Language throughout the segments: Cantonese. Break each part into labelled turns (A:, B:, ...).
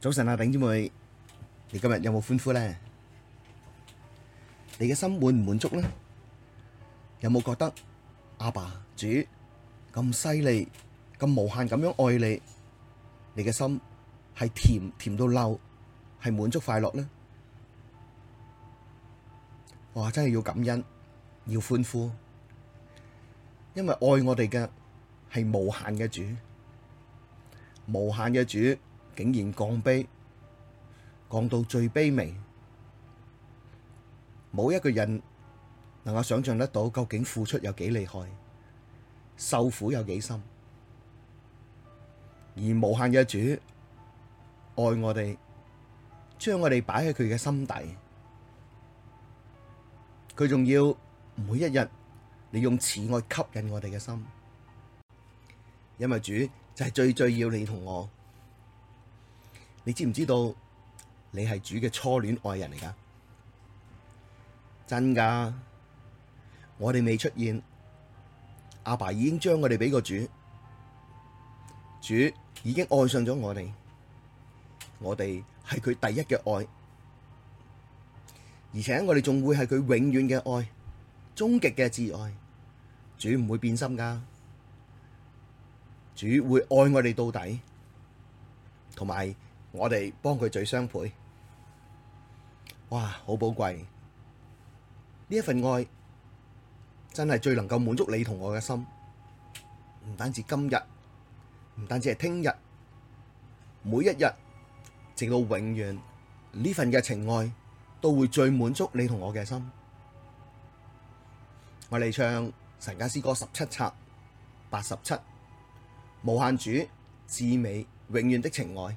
A: 早晨啊，頂姐妹，你今日有冇歡呼咧？你嘅心滿唔滿足咧？有冇覺得阿爸主咁犀利、咁無限咁樣愛你？你嘅心係甜甜到嬲，係滿足快樂咧？哇！真係要感恩，要歡呼，因為愛我哋嘅係無限嘅主，無限嘅主。竟然降卑，降到最卑微，冇一個人能夠想象得到究竟付出有幾厲害，受苦有幾深，而無限嘅主愛我哋，將我哋擺喺佢嘅心底，佢仲要每一日，你用慈愛吸引我哋嘅心，因為主就係最最要你同我。你知唔知道你係主嘅初戀愛人嚟噶？真噶，我哋未出現，阿爸已經將我哋俾個主，主已經愛上咗我哋，我哋係佢第一嘅愛，而且我哋仲會係佢永遠嘅愛，終極嘅摯愛，主唔會變心噶，主會愛我哋到底，同埋。我哋幫佢最相配。哇，好寶貴！呢一份愛真係最能夠滿足你同我嘅心，唔單止今日，唔單止係聽日，每一日直到永遠，呢份嘅情愛都會最滿足你同我嘅心。我哋唱神家詩歌十七冊八十七，無限主至美永遠的情愛。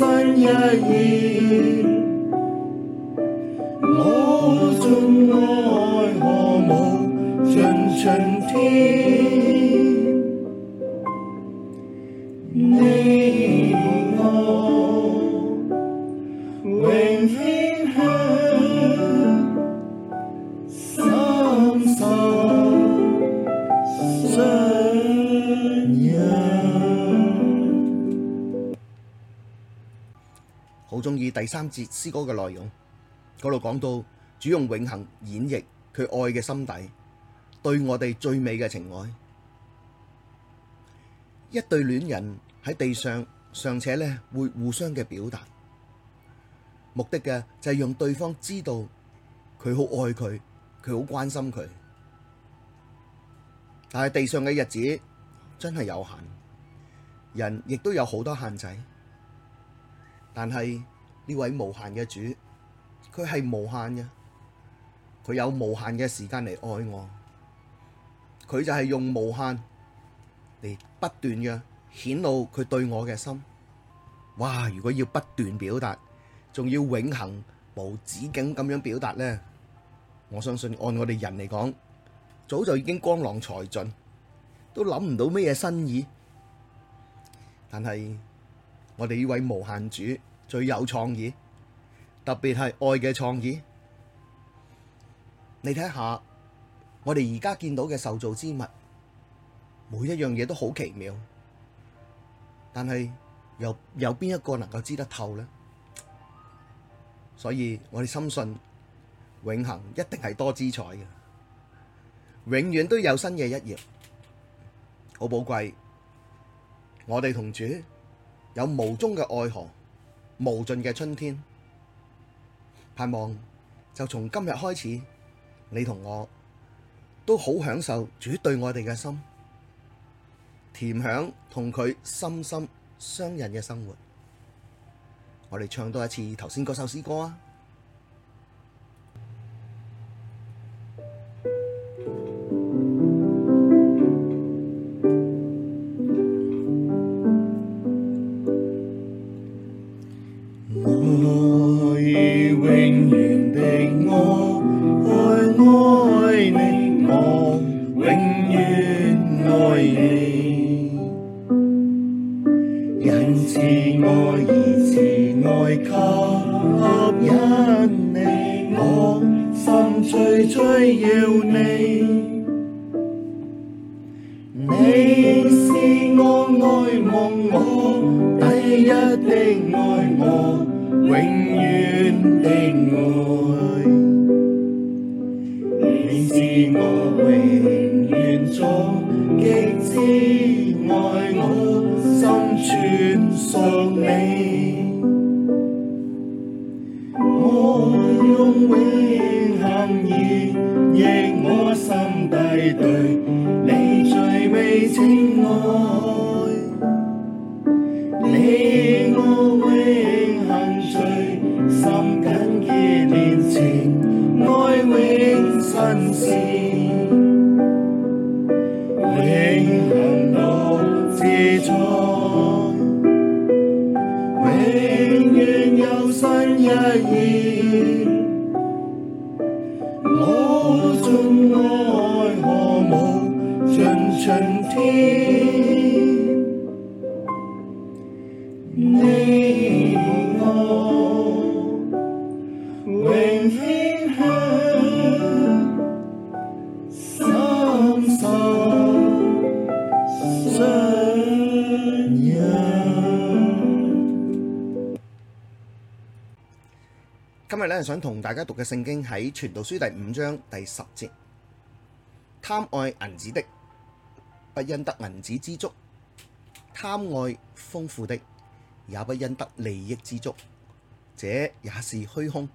B: 身一念，無盡愛河無盡春天。
A: 第三節詩歌嘅內容，嗰度講到主用永恆演繹佢愛嘅心底，對我哋最美嘅情愛。一對戀人喺地上尚且咧會互相嘅表達，目的嘅就係讓對方知道佢好愛佢，佢好關心佢。但係地上嘅日子真係有限，人亦都有好多限制，但係。呢位無限嘅主，佢係無限嘅，佢有無限嘅時間嚟愛我，佢就係用無限嚟不斷嘅顯露佢對我嘅心。哇！如果要不斷表達，仲要永恆無止境咁樣表達咧，我相信按我哋人嚟講，早就已經江郎才盡，都諗唔到咩嘢新意。但係我哋呢位無限主。最有創意，特別係愛嘅創意。你睇下，我哋而家見到嘅受造之物，每一樣嘢都好奇妙，但係有有邊一個能夠知得透呢？所以我哋深信，永恆一定係多姿彩嘅，永遠都有新嘅一頁，好寶貴。我哋同主有無終嘅愛河，無盡嘅春天，盼望就從今日開始，你同我都好享受主對我哋嘅心，甜享同佢心心相印嘅生活。我哋唱多一次頭先嗰首詩歌啊！
B: 你是我愛夢，我第一的愛，我永遠的愛，你是我永遠終極至愛，我心全屬你。
A: 今日想同大家讀嘅聖經喺傳道書第五章第十節，貪愛銀子的，不因得銀子知足，貪愛豐富的，也不因得利益知足，這也是虛空。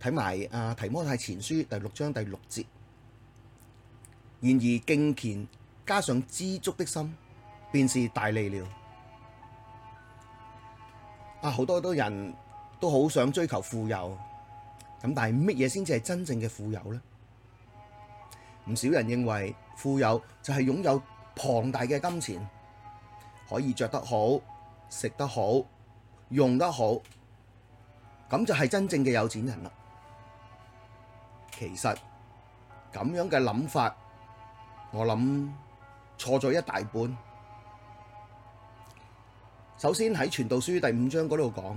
A: 睇埋阿提摩太前書第六章第六節，然而，敬虔加上知足的心，便是大利了。啊，好多多人。都好想追求富有，咁但係乜嘢先至係真正嘅富有呢？唔少人認為富有就係擁有龐大嘅金錢，可以着得好、食得好、用得好，咁就係真正嘅有錢人啦。其實咁樣嘅諗法，我諗錯咗一大半。首先喺《傳道書》第五章嗰度講。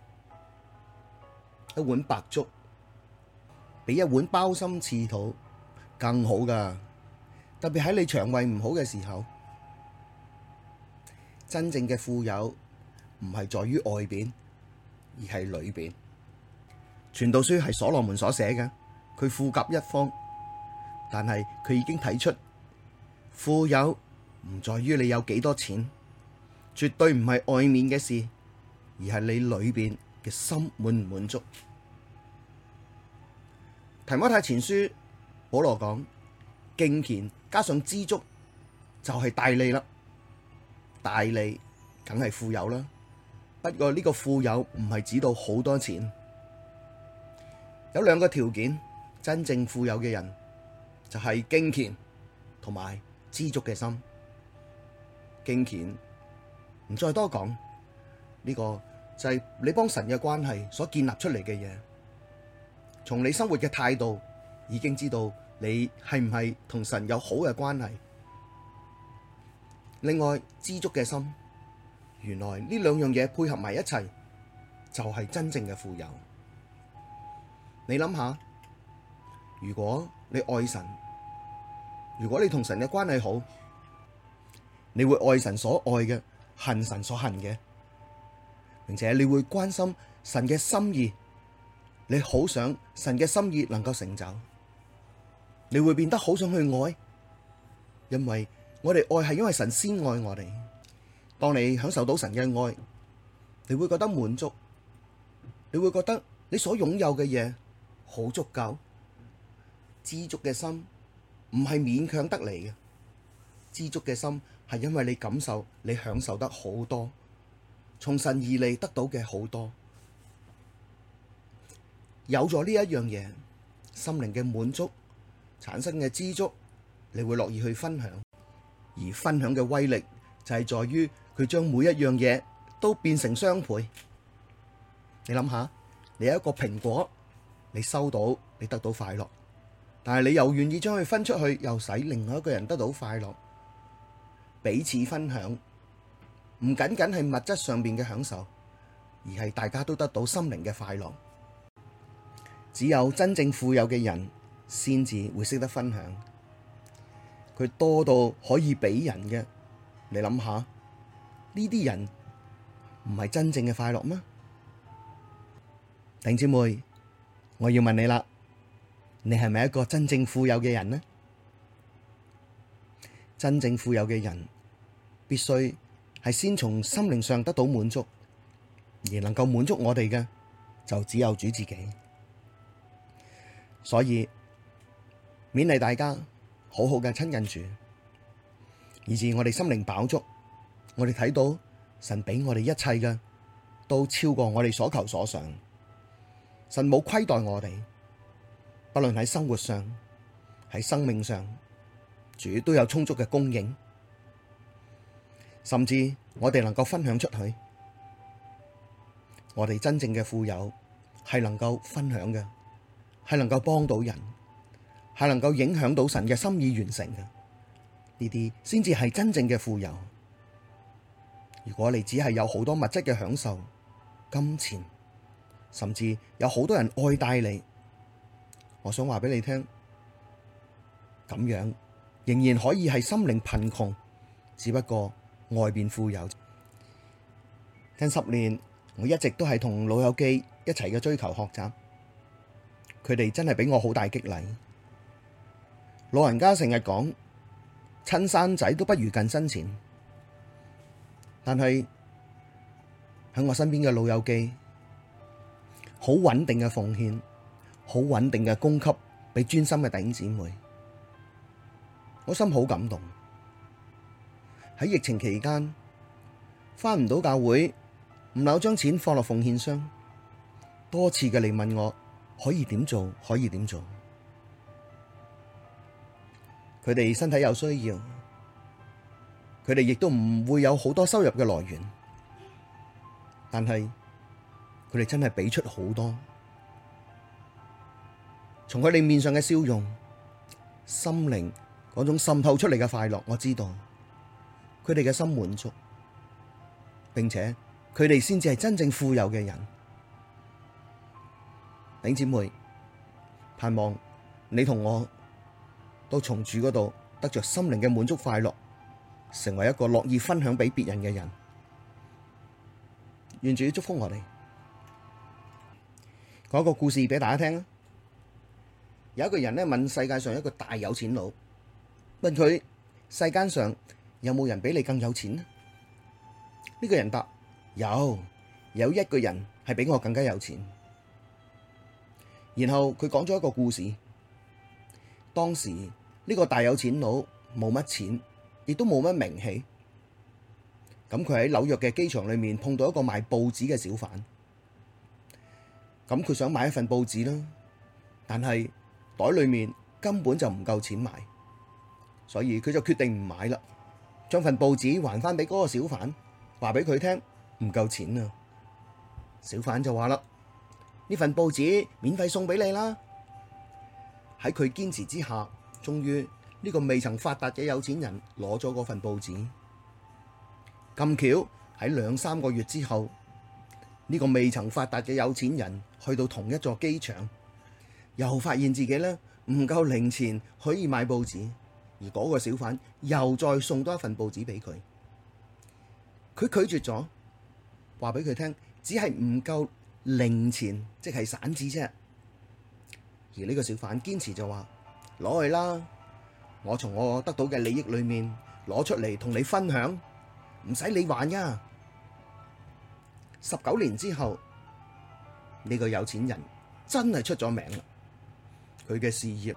A: 一碗白粥比一碗鮑參翅肚更好㗎，特別喺你腸胃唔好嘅時候，真正嘅富有唔係在於外邊，而係裏邊。傳道書係所羅門所寫嘅，佢富甲一方，但係佢已經睇出富有唔在於你有幾多錢，絕對唔係外面嘅事，而係你裏邊。嘅心滿唔滿足？提摩太前書保羅講，敬虔加上知足就係大利啦，大利梗係富有啦。不過呢個富有唔係指到好多錢，有兩個條件，真正富有嘅人就係敬虔同埋知足嘅心。敬虔唔再多講呢個。就係你幫神嘅關係所建立出嚟嘅嘢，從你生活嘅態度已經知道你係唔係同神有好嘅關係。另外知足嘅心，原來呢兩樣嘢配合埋一齊，就係真正嘅富有。你諗下，如果你愛神，如果你同神嘅關係好，你會愛神所愛嘅，恨神所恨嘅。而且你會關心神嘅心意，你好想神嘅心意能夠成就。你會變得好想去愛，因為我哋愛係因為神先愛我哋。當你享受到神嘅愛，你會覺得滿足，你會覺得你所擁有嘅嘢好足夠。知足嘅心唔係勉強得嚟嘅，知足嘅心係因為你感受，你享受得好多。從神而嚟，得到嘅好多，有咗呢一樣嘢，心靈嘅滿足產生嘅知足，你會樂意去分享。而分享嘅威力就係在於佢將每一樣嘢都變成雙倍。你諗下，你有一個蘋果，你收到你得到快樂，但係你又願意將佢分出去，又使另外一個人得到快樂，彼此分享，唔僅僅係物質上邊嘅享受，而係大家都得到心靈嘅快樂。只有真正富有嘅人，先至會識得分享。佢多到可以俾人嘅，你諗下呢啲人唔係真正嘅快樂嗎？弟兄姊妹，我要問你啦，你係咪一個真正富有嘅人呢？真正富有嘅人必須。係先從心靈上得到滿足，而能夠滿足我哋嘅就只有主自己。所以勉勵大家好好嘅親近主，以致我哋心靈飽足。我哋睇到神俾我哋一切嘅，都超過我哋所求所想。神冇虧待我哋，不論喺生活上、喺生命上，主都有充足嘅供應。甚至我哋能夠分享出去，我哋真正嘅富有係能夠分享嘅，係能夠幫到人，係能夠影響到神嘅心意完成嘅，呢啲先至係真正嘅富有。如果你只係有好多物質嘅享受、金錢，甚至有好多人愛戴你，我想話俾你聽，咁樣仍然可以係心靈貧窮，只不過。外邊富有，近十年我一直都係同老友記一齊嘅追求學習，佢哋真係俾我好大激勵。老人家成日講親生仔都不如近身錢，但係喺我身邊嘅老友記，好穩定嘅奉獻，好穩定嘅供給，俾專心嘅弟兄姊妹，我心好感動。喺疫情期間，返唔到教會，唔能夠將錢放落奉獻箱，多次嘅嚟問我可以點做，可以點做。佢哋身體有需要，佢哋亦都唔會有好多收入嘅來源，但係佢哋真係俾出好多。從佢哋面上嘅笑容、心靈嗰種滲透出嚟嘅快樂，我知道。佢哋嘅心滿足，並且佢哋先至係真正富有嘅人。頂姊妹，盼望你同我到從主嗰度，得着心靈嘅滿足快樂，成為一個樂意分享俾別人嘅人。願主祝福我哋。講一個故事俾大家聽啦。有一個人咧，問世界上一個大有錢佬，問佢世間上，有冇人比你更有錢呢？呢個人答有，有一個人係比我更加有錢。然後佢講咗一個故事。當時呢個大有錢佬冇乜錢，亦都冇乜名氣。咁佢喺紐約嘅機場裏面碰到一個賣報紙嘅小販，咁佢想買一份報紙啦，但係袋裏面根本就唔夠錢買，所以佢就決定唔買啦。將份報紙還翻俾嗰個小販，話俾佢聽唔夠錢啊！小販就話啦：呢份報紙免費送俾你啦！喺佢堅持之下，終於呢個未曾發達嘅有錢人攞咗嗰份報紙。咁巧喺兩三個月之後，呢個未曾發達嘅有錢人去到同一座機場，又發現自己呢唔夠零錢可以買報紙。而嗰個小販又再送多一份報紙俾佢，佢拒絕咗，話俾佢聽，只係唔夠零錢，即係散紙啫。而呢個小販堅持就話攞去啦，我從我得到嘅利益裏面攞出嚟同你分享，唔使你還噶。十九年之後，呢個有錢人真係出咗名啦，佢嘅事業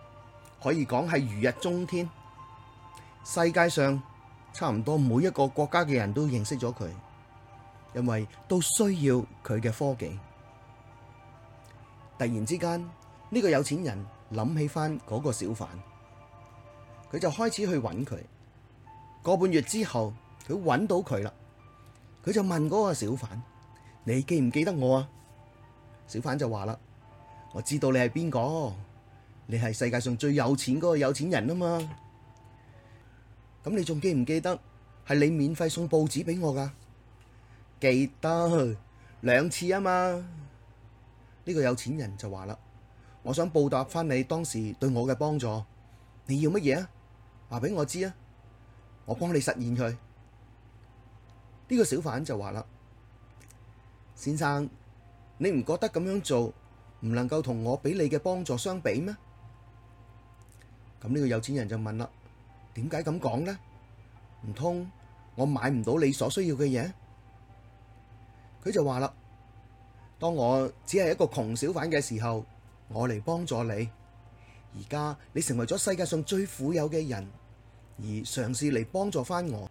A: 可以講係如日中天。世界上差唔多每一個國家嘅人都認識咗佢，因為都需要佢嘅科技。突然之間，呢個有錢人諗起翻嗰個小販，佢就開始去揾佢。個半月之後，佢揾到佢啦。佢就問嗰個小販：，你記唔記得我啊？小販就話啦：，我知道你係邊個，你係世界上最有錢嗰個有錢人啊嘛。咁你仲記唔記得係你免費送報紙俾我噶？記得兩次啊嘛！呢個有錢人就話啦：，我想報答翻你當時對我嘅幫助。你要乜嘢啊？話俾我知啊！我幫你實現佢。呢個小販就話啦：，先生，你唔覺得咁樣做唔能夠同我俾你嘅幫助相比咩？咁呢個有錢人就問啦。點解咁講呢？唔通，我買唔到你所需要嘅嘢？佢就話啦：當我只係一個窮小販嘅時候，我嚟幫助你；而家你成為咗世界上最富有嘅人，而嘗試嚟幫助返我。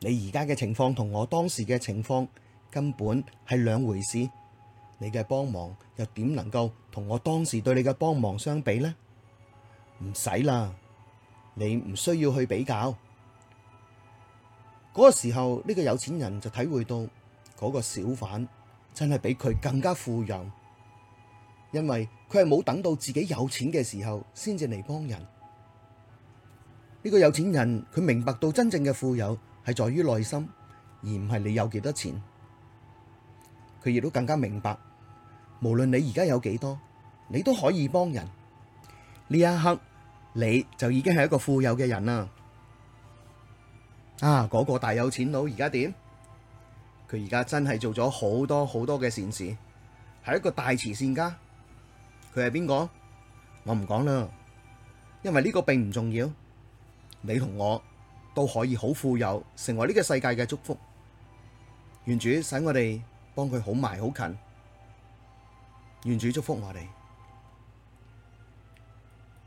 A: 你而家嘅情況同我當時嘅情況根本係兩回事。你嘅幫忙又點能夠同我當時對你嘅幫忙相比呢？唔使啦。你唔需要去比較，嗰、那個時候呢、這個有錢人就體會到嗰、那個小販真係比佢更加富有，因為佢係冇等到自己有錢嘅時候先至嚟幫人。呢、這個有錢人佢明白到真正嘅富有係在於內心，而唔係你有幾多錢。佢亦都更加明白，無論你而家有幾多，你都可以幫人。呢一刻。你就已經係一個富有嘅人啦！啊，嗰個大有錢佬而家點？佢而家真係做咗好多好多嘅善事，係一個大慈善家。佢係邊個？我唔講啦，因為呢個並唔重要。你同我都可以好富有，成為呢個世界嘅祝福。願主使我哋幫佢好埋好近，願主祝福我哋。